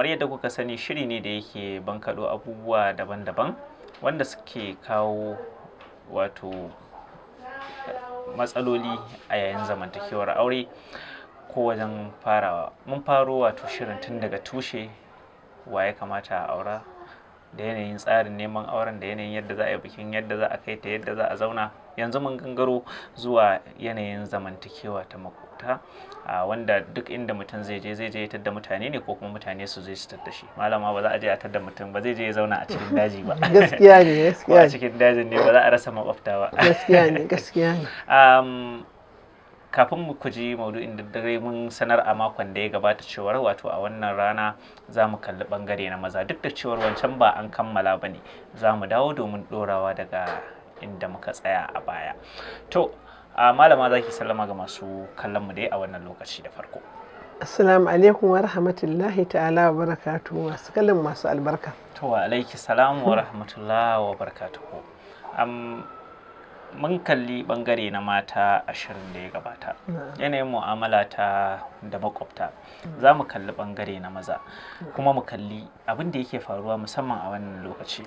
kamar yadda kuka sani shiri ne da yake bankaɗo abubuwa daban-daban wanda suke kawo wato matsaloli a yayin zamantakewar aure ko wajen farawa mun faro wato shirin tun daga tushe wa ya kamata a aura da yanayin tsarin neman auren da yanayin yadda za a yi bikin yadda za a kai ta yadda za a zauna yanzu mun gangaro zuwa yanayin zamantakewa ta makwabta wanda duk inda mutum zai je zai je ya da mutane ne ko kuma mutane su zai su tadda shi malama ba za a je a tadda mutum ba zai je ya zauna a cikin daji ba gaskiya ne gaskiya a cikin dajin ne ba za a rasa makwabta ba gaskiya ne gaskiya ne kafin mu kuji maudu'in da dare mun sanar a makon da ya gabata cewar wato a wannan rana za mu kalli bangare na maza duk da cewar wancan ba an kammala ba ne za mu dawo domin dorawa daga inda muka tsaya a baya to a malama za ki sallama ga masu kallon mu dai a wannan lokaci da farko assalamu alaikum wa rahmatullahi ta'ala wa barakatuhu masu kallon masu albarka to wa alaiki salam wa rahmatullahi wa barakatuhu mun kalli bangare na mata ashirin da ya gabata yanayin mu'amala ta da makwabta mm. za mu kalli bangare na maza kuma mu kalli abin da yake faruwa musamman a wannan lokaci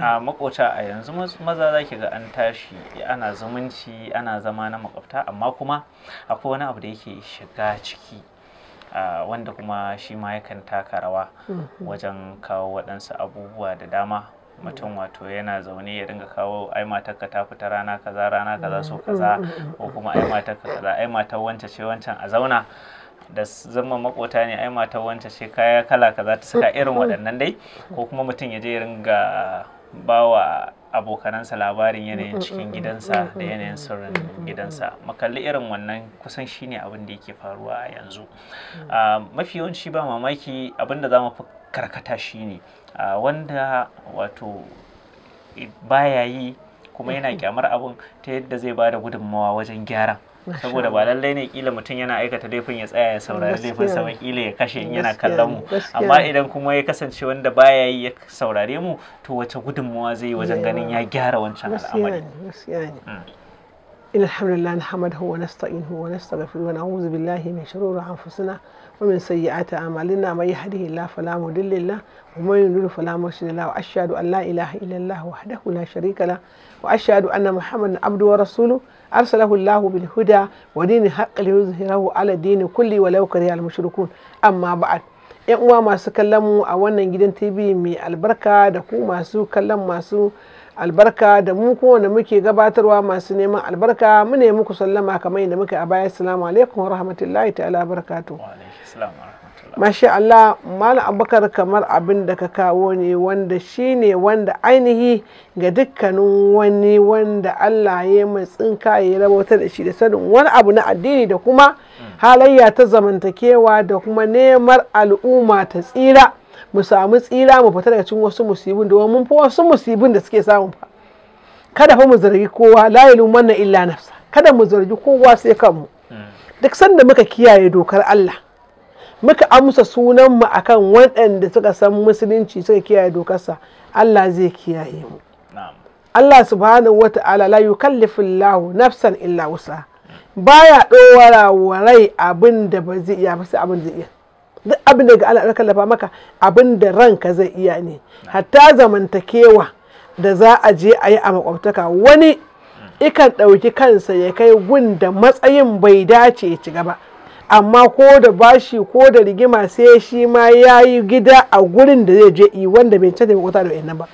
a makwabta a yanzu maza za ga an tashi ana zumunci ana zama na makwabta amma kuma akwai wani abu da yake shiga ciki wanda kuma shi ma yakan taka rawa mm-hmm. wajen kawo waɗansu abubuwa da dama mutum wato yana zaune ya dinga kawo ai matarka ta fita rana kaza rana kaza so mm, kaza mm, mm, ko kuma ai matarka kaza ai matar wancan ce wancan a zauna da zama makota ne ai matar wancan ce kaya kala kaza ta saka irin waɗannan dai ko kuma mutum ya je ya ringa bawa abokanansa labarin yanayin cikin gidansa da yanayin sirrin gidansa makalli irin wannan kusan shine abin da yake faruwa a yanzu ah, mafi yawanci ba mamaki abin da za mu fi karkata shine wanda wato baya yi kuma yana mm-hmm. kyamar abun ta yadda zai ba da gudunmawa wajen gyara saboda ba lallai ne kila mutum yana aikata laifin ya tsaya ya saurari laifin sa kila ya kashe in yana kallon mu amma idan kuma ya kasance wanda baya yi ya saurare mu to wace gudunmawa zai yi wajen ganin ya gyara wancan al'amari إن الحمد لله نحمده ونستعينه ونستغفره ونعوذ بالله من شرور أنفسنا ومن سيئات أعمالنا من يهده الله فلا مضل له ومن يضلل فلا مرشد له وأشهد أن لا إله إلا الله وحده لا شريك له وأشهد أن محمدا عبده ورسوله أرسله الله بالهدى ودين الحق ليظهره على الدين كله ولو كره المشركون أما بعد ‘Yan uwa masu kallon mu a wannan gidan TV mai albarka da ku masu kallon masu albarka da mu da muke gabatarwa masu neman albarka mu ne muku sallama kamar yadda muka a baya assalamu alaikum wa rahmatullahi ta'ala barakatu masha Allah malam abubakar kamar abin da ka kawo ne wanda shi ne wanda ainihi ga dukkanin wani wanda Allah ya yi matsin ya rabautar da shi da sanin wani abu na addini da kuma mm. halayya ta zamantakewa da kuma neman al'umma ta tsira mu samu tsira mu fita daga cikin wasu musibin domin mun fi wasu musibin da suke samu fa kada fa mu zargi kowa la wannan illa nafsa kada mu zargi kowa sai kanmu duk sanda muka kiyaye dokar Allah muka amsa sunan mu akan waɗanda suka san musulunci suka kiyaye dokarsa Allah zai kiyaye mu Allah subhanahu wa ta'ala la yukallifu Allah nafsan illa wusa baya ɗora rai abin da ba zai iya ba sai abin zai iya duk abin da ga Allah ya kallafa maka abin da ranka zai iya ne hatta zamantakewa da za a je a yi a makwabtaka wani ikan ɗauki kansa ya kai gun da matsayin bai dace ya ci gaba amma ko da bashi ko da rigima sai shi ma ya yi gida a gurin da zai je yi wanda bai canza makwabta da wa'annan ba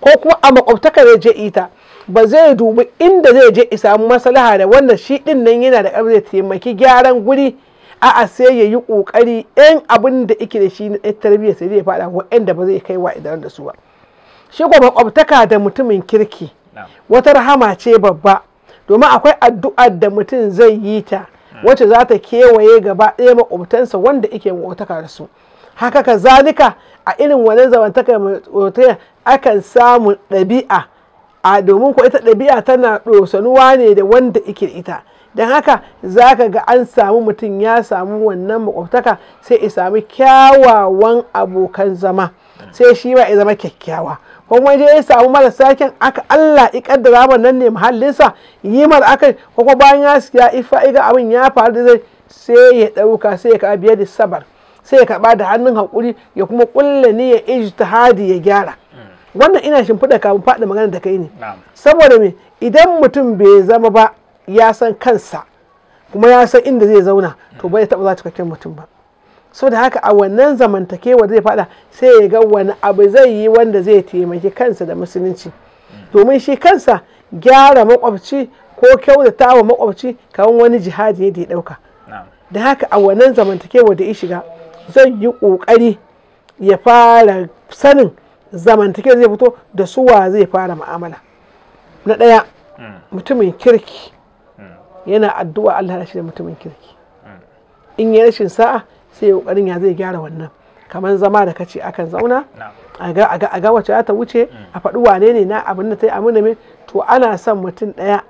ko kuma a makwabtaka zai je ita ba zai dubi inda zai je isa masalaha da wanda shi din nan yana da ƙarfi zai taimaki gyaran guri a'a sai ya yi ƙoƙari yan abin da ike da shi na tarbiyyar sai zai faɗa wa'anda ba zai kai wa idan da su ba shi ko makwabtaka da mutumin kirki wata rahama ce babba domin akwai addu'ar da mutum zai yi ta hmm. wacce za ta kewaye gaba ɗaya makwabtansa wanda ike makwabtaka da su haka ka zalika a irin wannan zamantaka mai akan samu ɗabi'a a domin ko ita ɗabi'a tana ɗosanuwa ne da wanda ike ita don haka za ka ga an samu mutum ya samu wannan makwabtaka sai ya sami kyawawan abokan zama sai shi ba ya zama kyakkyawa ko kuma ya samu marasa kyan aka Allah ya kaddara nan ne muhallinsa yi mar aka ko kuma bayan ya siya ifa iga abin ya faru da zai sai ya ɗauka sai ya ka biyar da sabar sai ya kaɓa da hannun haƙuri ya kuma ƙulla ne ya hadi ya gyara mm. wannan ina shimfiɗa kafin faɗi magana da kai ne saboda me idan mutum bai zama ba ya san kansa kuma ya san inda zai zauna to bai taɓa za cikakken mutum ba so da haka a wannan zamantakewa zai faɗa sai ya ga wani abu zai yi wanda zai taimaki kansa da musulunci domin shi kansa gyara makwabci ko kyautata wa makwabci kawai wani jihadi ne da ya ɗauka da haka a wannan zamantakewa da ya shiga zan yi ƙoƙari ya fara sanin zamantakewa zai fito da suwa zai fara ma'amala na ɗaya hmm. mutumin kirki yana addu'a Allah ya shirya mutumin kirki in ya rashin sa'a sai kokarin ya zai gyara wannan kamar zama da kace akan zauna a ga wace ta wuce mm. a faɗi wane ne na abin da ta yi a min to ana son mutum ɗaya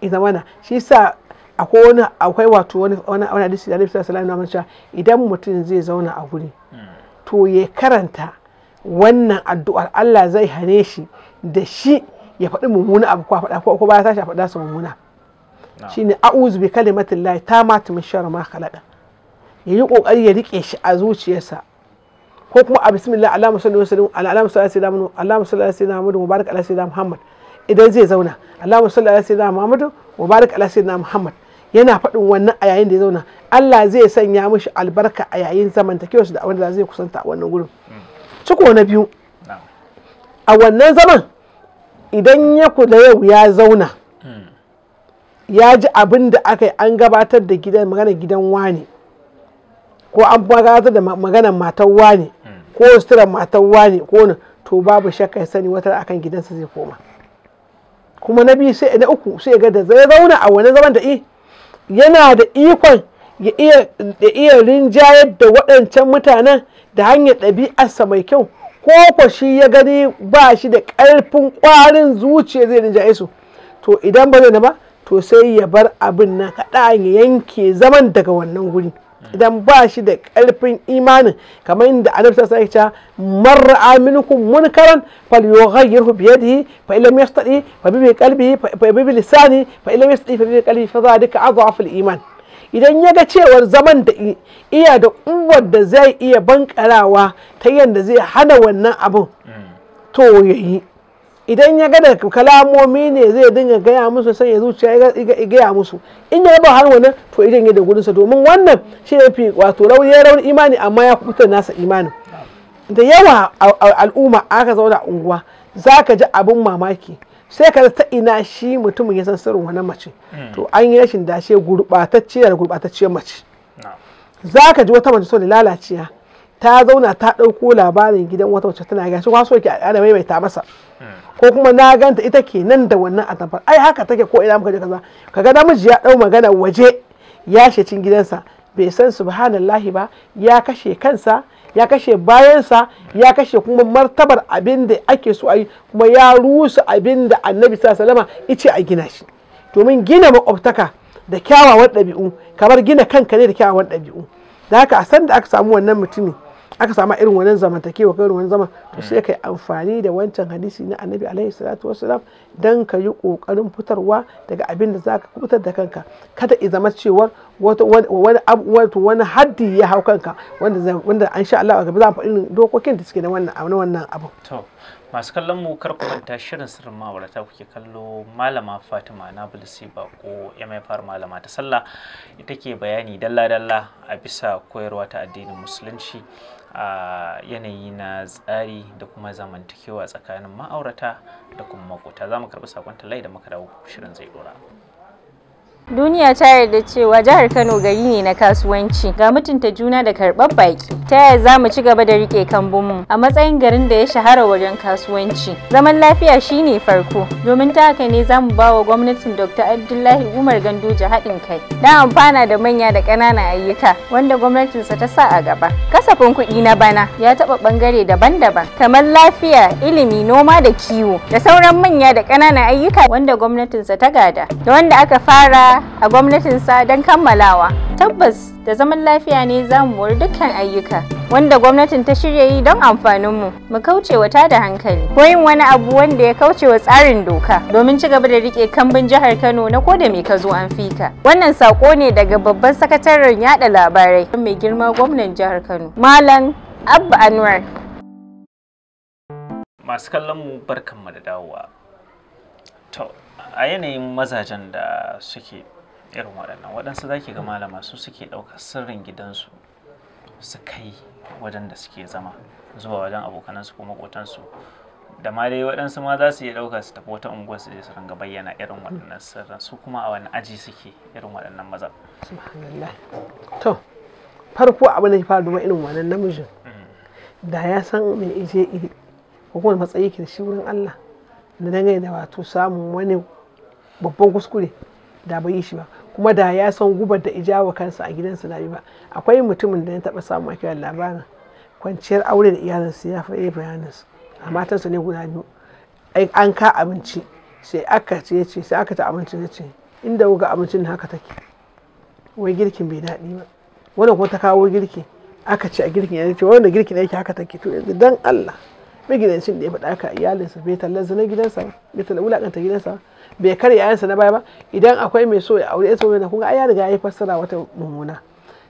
ita mana shi sa akwai wani akwai wato wani wani hadisi da Annabi sallallahu alaihi wasallam idan mutum zai zauna a guri mm. to ya karanta wannan addu'ar Allah zai hane shi da shi ya faɗi mummuna abu ko faɗa ko ba ya tashi a faɗa su mummuna shine a'udhu bi ta tamati min sharri ma khalaqa yayi kokari ya rike shi a zuciyarsa ko kuma a bismillah allahumma salli wa sallim ala allahumma salli ala sayyidina allahumma salli ala sayyidina muhammad mubarak ala sayyidina muhammad idan zai zauna allahumma salli ala sayyidina muhammad mubarak ala sayyidina muhammad yana faɗin wannan a yayin da ya zauna Allah zai sanya mishi albarka a yayin zamantakewar su da da zai kusanta a wannan gurin hmm. ciko na biyu a wannan zaman idan ya kula yau ya zauna ya ji abin da aka yi an gabatar da gidan magana gidan wani ko an gabatar da maganar matan wani hmm. ko suturar matan wani ko na to babu shakka ya sani wata akan gidansa zai koma kuma na biyu sai na uku sai ga da zai zauna a wani zaman da i yana da ikon ya iya rinjayar da waɗancan mutanen da hanyar ɗabi'arsa mai kyau ko ko shi ya gani ba shi da ƙarfin ƙwarin zuciya zai rinjaye su to idan ba zai na ba to sai ya bar abin na kaɗan ya yanke zaman daga wannan guri idan ba shi da ƙarfin imanin kamar inda annabi sallallahu mun wasallam marra aminukum munkaran falyughayyirhu bi yadihi fa illam yastati fa bi qalbihi fa bi lisani fa illam yastati fa bi qalbihi fa dhalika adhafu iman idan ya ga cewar zaman da iya da uwar da zai iya bankarawa ta yadda zai hana wannan abun hmm. to yayi idan ya ga gada kalamomi ne zai dinga gaya musu sai ya zuciya ya gaya musu in ya ba har wani to idan ya da gudunsa domin wannan shi ya fi wato rauni rauni imani amma ya kuta nasa imani da yawa al'umma aka zauna unguwa za ka ji abin mamaki sai ka ta ina shi mutumin ya san sirrin wani mace hmm. to an yi rashin dashe gurɓatacciyar gurɓatacciyar mace za ka ji wata mace so da lalaciya ta zauna ta ɗauko labarin gidan wata wacce tana gashi kwaso ki mai ta masa ko kuma na ganta ita ke nan da wannan atamfar ai haka take ko ina muka je kaza kaga namiji ya ɗau magana waje ya cin gidansa bai san subhanallahi ba ya kashe kansa ya kashe bayansa ya kashe kuma martabar abin da ake so a yi kuma ya rusa abin da annabi sallama ice a gina shi domin gina makwabtaka da kyawawan ɗabi'u kamar gina kanka ne da kyawawan ɗabi'u da haka a san da aka samu wannan mutumin aka samu irin wannan zamantakewa irin wannan zaman to mm. sai kai amfani da wancan hadisi na annabi alaihi salatu wasalam dan ka yi kokarin fitarwa daga abin da zaka kubutar da kanka kada i zama cewa wani abu wani haddi ya hau kanka wanda wanda an sha Allah ba za mu faɗi dokokin da suke na wannan wannan abu to masu kallon mu kar ku manta shirin sirrin ma'aurata kuke kallo malama fatima na bulisi bako mfr malama ta sallah ita ke bayani dalla-dalla a bisa koyarwa ta addinin musulunci a yanayi na tsari da kuma zamantakewa tsakanin ma'aurata da kuma makota za mu karɓi sakon talai da muka dawo shirin zai dora Duniya ta yarda cewa jihar Kano gari ne na kasuwanci ga mutunta juna da karɓar baki. Ta yaya za mu ci gaba da riƙe kambunmu a matsayin garin da ya shahara wajen kasuwanci. Zaman lafiya shine farko domin ta haka ne za mu ba wa gwamnatin Dr. Abdullahi Umar Gandoja haɗin kai. Na amfana da manya da ƙananan ayyuka wanda gwamnatinsa ta sa a gaba. Kasafin kuɗi na bana ya taɓa ɓangare daban-daban kamar lafiya, ilimi, noma da kiwo da sauran manya da ƙananan ayyuka wanda gwamnatinsa ta gada da wanda aka fara a a gwamnatinsa don kammalawa. Tabbas da zaman lafiya ne za mu wari dukkan ayyuka wanda gwamnatin ta shirya yi don amfaninmu mu kauce wa tada hankali ko yin wani abu wanda ya kauce wa tsarin doka domin ci gaba da rike kambin jihar Kano na ko da mai ka zo an fika. Wannan sako ne daga babban sakataren yada labarai mai girma gwamnan jihar Kano. Malam Abba Anwar. Masu kallon mu barkanmu da dawowa. To, a yanayin mazajen da suke irin waɗannan waɗansu ki ga malama su suke ɗaukar sirrin gidansu su kai wajen da suke zama zuwa wajen abokanansu ko maƙotansu da ma dai waɗansu ma za su iya ɗauka su tafi wata unguwar su je su ringa bayyana irin waɗannan sirrin su kuma a wani aji suke irin waɗannan maza. to farko abin da ya duba irin wannan namijin mm. da ya san me ije iri ko kuma matsayi ke da shi wurin Allah da dangane da wato samun wani babban kuskure da bai yi shi ba kuma da ya san gubar da ijawa kansa a gidansa na ba akwai mutumin da ya taba samu a kiran labarin kwanciyar aure da iyalinsu ya faɗi bayaninsu a matansa ne guda biyu an ka abinci sai aka ce ce sai aka ta abinci ya ce inda wuga abincin haka take wai girkin bai daɗi ba wannan kuma ta kawo girki aka ce a girkin ya ce wanda girkin yake haka take to yanzu dan Allah magidancin da ya faɗa ka iyalinsa bai talla na gidansa bai talla wulakanta gidansa bai karya yayansa na baya ba idan akwai mai so ya aure ya tsoron kuma ga ya riga ya fassara wata mummuna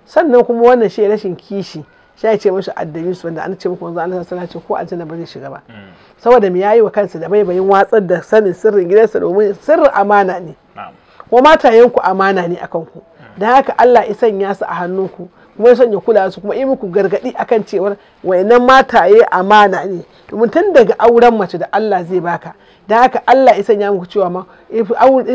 sannan kuma wannan shi rashin kishi shi ya ce mashi addini su wanda an ce muku wanzu an sana ce ko aljanna ba zai shiga ba hmm. saboda mu yayi wa kansa da bayin watsar da sanin sirrin gidansa domin sirrin amana ne ko matayenku amana ne akan ku hmm. Da haka Allah ya sanya su a hannunku ku kuma ya sanya kula su kuma yi muku gargadi akan cewar wayannan mataye amana ne domin tun daga auren mace da Allah zai baka da haka Allah ya sanya muku cewa ma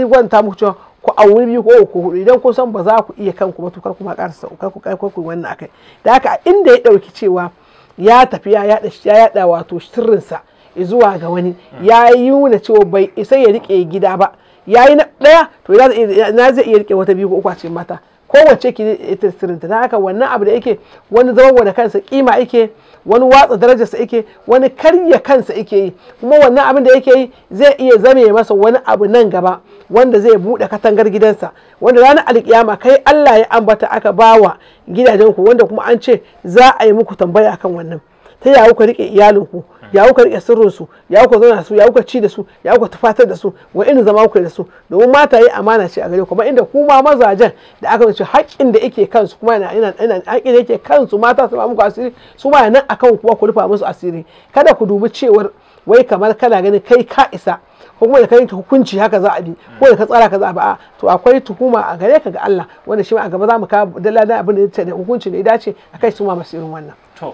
gwanta muku cewa ku auri biyu ko ku hudu idan ku san ba za ku iya kanku ba to kar ku ma ƙarasa kar ku kai ku wannan akai da haka inda ya dauki cewa ya tafi ya yada ya yada wato sa zuwa ga wani ya yi nuna cewa bai isa ya rike gida ba yayi na daya to ina zai iya rike wata biyu ko uku a cikin mata kowace ki ita sirrinta ta haka wannan abu da yake wani zama da kansa kima yake wani watsa darajarsa yake wani karya kansa yake yi kuma wannan abin da yake yi zai iya zame masa wani abu nan gaba wanda zai buɗe katangar gidansa wanda ranar alkiyama kai Allah ya ambata aka bawa gidajenku wanda kuma an ce za a yi muku tambaya akan wannan ta yaya kuka rike iyalinku ya kuka rike sirrinsu. su ya kuka zauna su ya kuka ci da su ya kuka tufatar da su wa irin zama kuka da su domin mata yi amana ce a gare kuma inda kuma mazajen da aka ce haƙƙin da yake kansu kuma yana ina haƙƙin da yake kansu mata su ba muku asiri su ma nan akan kuwa ku rufa musu asiri kada ku dubi cewar wai kamar kana ganin kai ka isa ko kuma da kai hukunci haka za a bi ko da ka tsara ka za a ba to akwai tuhuma a gare ka ga Allah wanda shi ma a gaba za mu ka dalla abin da ya ce da hukunci da ya dace akai su ma masu wannan to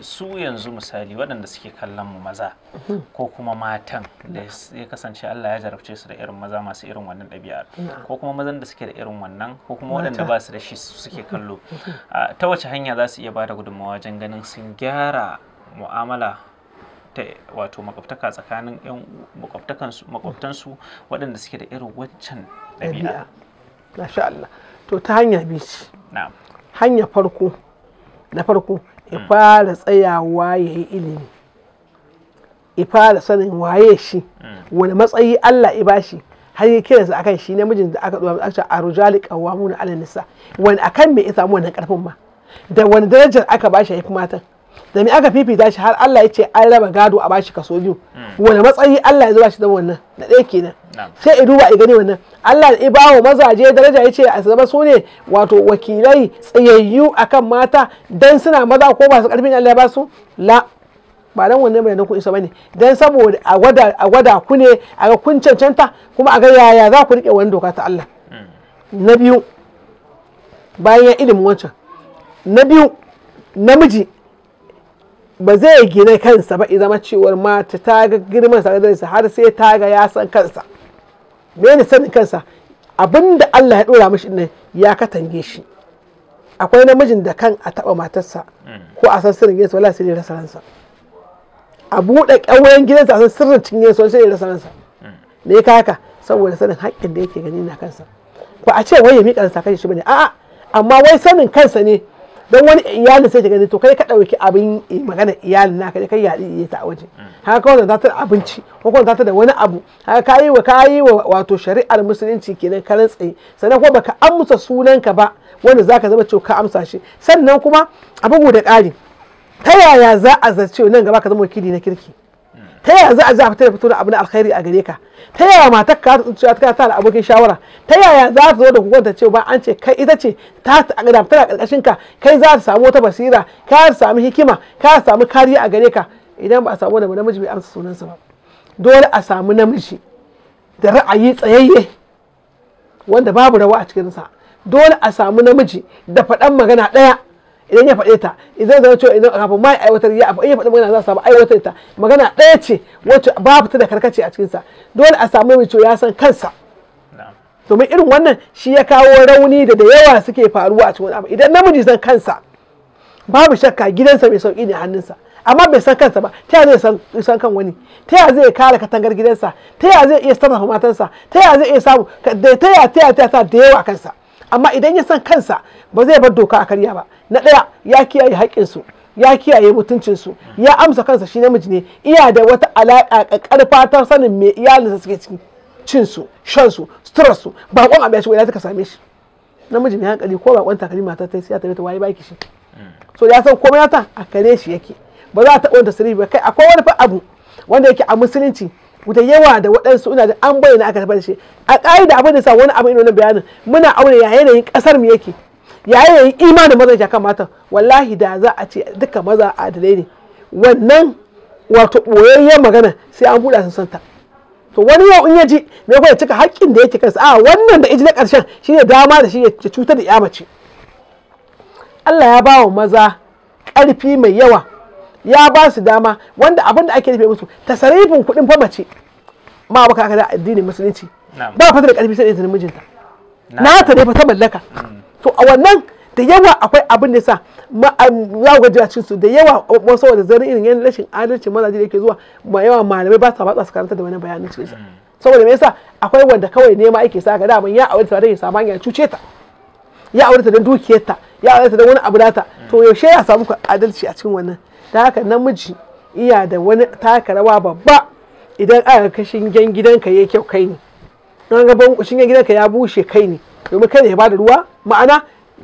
su yanzu misali waɗanda suke kallon mu maza mhm. ko kuma matan da ya kasance Allah ya jarabce su da irin maza masu irin wannan ɗabi'ar ko kuma mazan da suke da irin wannan ko kuma waɗanda ba su da shi suke mhm. kallo mhm. ta wace hanya za su iya ba da gudunmawa wajen ganin sun gyara mu'amala ta wato makwabtaka tsakanin 'yan su waɗanda suke da irin waccan ɗabi'a. Masha Allah. To ta hanya biyu ce. Hanya farko na farko ya fara tsayawa ya yi ilimi ya fara sanin waye shi wani matsayi Allah ya bashi har ya kiransa kan shi mijin da aka ɗora aka a rujali kawamu na alanisa wani akan me ya samu wannan karfin ma da wani darajar aka bashi ya fi matan da me aka fifita shi har Allah ya ce an raba gado a bashi kaso biyu hmm. wani matsayi Allah ya zuba shi da wannan da ɗaya kenan sai i duba i gani wannan Allah ya ba wa mazaje daraja ya ce a zama su ne wato wakilai tsayayyu akan mata dan suna maza ko ba su karfin Allah ya ba su la ba dan wannan mai nan ku isa bane dan saboda a gwada a gwada ku ne a ga kun cancanta kuma a ga yaya za ku rike wani doka ta Allah hmm. na biyu bayan ilimin wancan na biyu namiji ba zai gina kansa ba idan cewar mata ta ga girman sa da har sai ta ga ya san kansa me ne sanin kansa abinda Allah ya dora mishi ne ya katange shi akwai namijin da kan a taba matarsa ko a san sirrin gidansa wala sai ya rasa ransa a buɗe ƙauyen gidansa a san sirrin cinye wala sai ya rasa ransa me ka haka saboda sanin haƙƙin da yake gani na kansa ba a ce wai ya miƙa sa kai shi bane a'a amma wai sanin kansa ne don wani iyalin sai shiga to kai ka ɗauki abin magana iyalin naka kai ya yi ta waje haka kawai za ta abinci ko kuma za ta da wani abu haka kayi wa kayi wa wato shari'ar musulunci kenan ka tsaye sannan kuma baka amsa sunan ka ba wanda zaka zama cewa ka amsa shi sannan kuma a bugu da ƙari ta yaya za a zace nan gaba ka zama wakili na kirki ta yaya za a za da fito da abu na alkhairi a gare ka ta yaya matar ka ta ta ta da abokin shawara ta yaya za ta zo da ta ce ba an ce kai ita ce ta da fitar da karkashin ka kai za ta samu wata basira ka samu hikima ka samu kariya a gare ka idan ba a samu da namiji bai amsa sunansa ba dole a samu namiji da ra'ayi tsayayye wanda babu rawa a cikinsa dole a samu namiji da faɗan magana ɗaya idan ya faɗe ta idan zai cewa idan kafin ma aiwatar ya ya faɗe magana za su samu aiwatar ta magana ɗaya ce wacce babu ta da karkace a cikinsa dole a samu mai ya san kansa domin irin wannan shi ya kawo rauni da da yawa suke faruwa a cikin abu idan namiji san kansa babu shakka gidansa mai sauki ne hannunsa amma bai san kansa ba ta zai san kan wani ta yaya zai kare katangar gidansa ta yaya zai iya sarrafa matansa ta yaya zai iya samu ta yaya ta yaya ta da yawa kansa amma idan ya san kansa ba zai bar doka a karya ba na ɗaya ya kiyaye haƙƙinsu ya kiyaye mutuncinsu ya amsa kansa shi namiji ne iya da wata alaƙa ƙarfa ta sanin me iyalinsa suke ciki cinsu shansu suturarsu baƙon abin shi wani ka same shi namiji mai hankali ko baƙon takalmi mata ta sai ta ta waye baki shi so ya san komai ta a kare shi yake ba za ta taɓa wanda sirri ba kai akwai wani fa abu wanda yake a musulunci da yawa da waɗansu ina da an bayyana aka tafi shi a ƙa'ida abin da sa wani abin irin bayanin muna aure ya yanayin ƙasar mu yake ya yanayin imanin mazan ya kamata wallahi da za a ce duka maza adalai ne wannan wato ɓoyayyen magana sai an buɗa sun santa to wani yau in ya ji me kuma ya cika haƙƙin da yake kansa a wannan da iji na ƙarshen ne dama da shi ya cutar da ya mace Allah ya ba wa maza ƙarfi mai yawa ya ba su dama wanda abin da ake nufi musu tasarifin kuɗin fa mace ma baka aka da addinin musulunci ba fa da karfi sai da mijinta na ta dai fa ta mallaka mm. to a wannan da yawa akwai abin da sa za ku gaji su da yawa wasu wanda zarin irin yan rashin adalci mazaje da ke zuwa ma yawa malamai ba sa ba su karanta da wani bayanin cikin mm. saboda me yasa akwai wanda kawai nema ake sa ga daman ya aure ta da ya samu ya cuce ta ya aure ta don dukiyarta ya aure ta don wani abu nata to yaushe ya samu adalci a cikin wannan ta haka namiji iya da wani taka rawa babba idan aka ga shingen gidanka ya kyau kai ne don ga shingen gidanka ya bushe kai ne domin kai ne ya bada ruwa ma'ana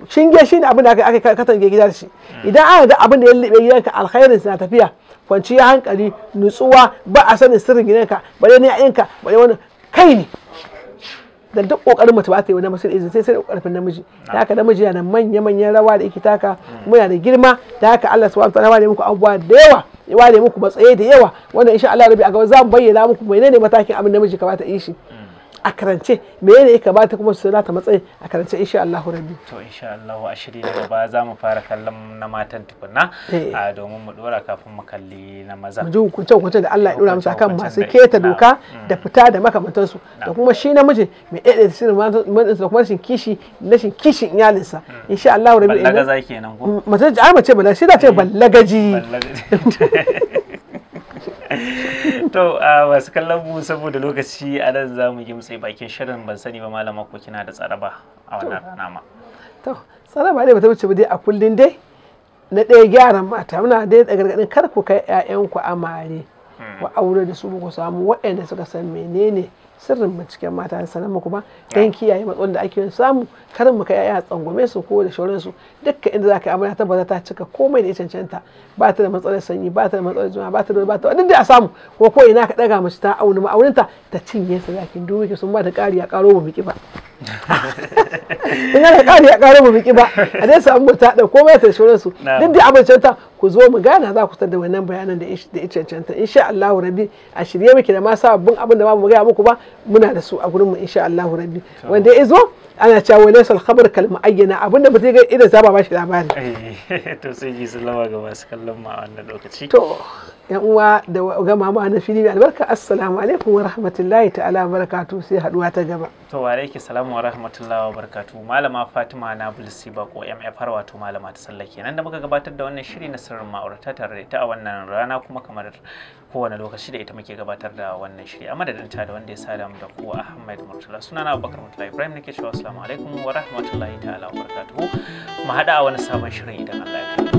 shinge shi ne abin da aka katange gidan shi idan aka ga abin da ya lebe gidanka alkhairin na tafiya kwanciya hankali nutsuwa ba a sanin sirrin gidanka bare ne yinka bare wani kai ne dan duk kokarin mace ba ta yi wani masu izini sai sai karfin namiji da haka namiji yana manya manyan rawa da yake taka muna da girma da haka Allah subhanahu wa ta'ala muku abubuwa da yawa ya ware muku matsaye da yawa wannan insha Allah rabi a gaba za mu bayyana muku menene matakin abin namiji kamata yi shi a karance me ne ka bata kuma su ta matsayi a karance insha Allahu rabbi to insha Allahu a shirye da ba za mu fara kallon na matan tukunna eh. a domin mu dora kafin mu kalli na maza mu ji hukunce hukunce da Allah ya dora musu akan masu keta doka mm. da fita da makamantan su da kuma shi namiji mai ɗaya da sirrin matan da kuma shin kishi na rashin kishin iyalinsa mm. insha Allahu rabbi ballaga za kenan ko mace ai mace balaga sai da ce eh. ballagaji ballagaji to masu kallon mu saboda lokaci a nan za mu yi musai bakin shirin ban sani ba malama ko kina da tsaraba a wannan rana ma to tsaraba dai bata wuce ba dai a kullun dai na ɗaya gyaran mata muna dai da gargaɗin kar ku kai 'ya'yanku amare hmm. ku aure da su ku samu waɗanda suka san menene sirrin binciken mata sanan mu kuma don kiyaye matsalar da ake samu karin muka yaya tsangwame su ko da inda su ka inda amurata ba za ta cika komai da ya cancanta ba ta da matsalar sanyi ba ta da matsalar juna ba ta da ba ta duk da a samu ko ko ina ka daga mace ta auni ma'aurinta ta cinye sa zakin dubi ki sun ba ta ƙari a ƙaro mu biki ba ina da ƙari a ƙaro mu biki ba a dai samu ta da komai ta shauran su duk da abincanta ku zo mu gana za ku da wannan bayanan da ya cancanta insha Allah rabbi a shirye muke da ma sababbin abin da ba mu gaya muku ba muna da su a gurin mu insha Allahu rabbi wanda ya zo ana cewa wani sal khabar kalma ayyana abinda ba zai ga idan zaba ba shi labari to sai ji sallama ga masu kallon ma wannan lokaci to yan uwa da ga mama na fili albarka assalamu alaikum wa rahmatullahi ta'ala wa barakatuh sai haduwa ta gaba to wa alaikum salamu wa rahmatullahi wa barakatuh malama Fatima na Bulsi Bako MFR wato malama ta sallake nan da muka gabatar da wannan shiri na sirrin ma'aurata tare da ta a wannan rana kuma kamar kowane lokaci da ita muke gabatar da wannan shiri a madadin ta da wanda ya sada mu da ku Ahmad Murtala sunana Abubakar Murtala Ibrahim nake cewa assalamu alaikum wa rahmatullahi ta'ala wa barakatuhu mu hada a wani sabon shirin idan Allah ya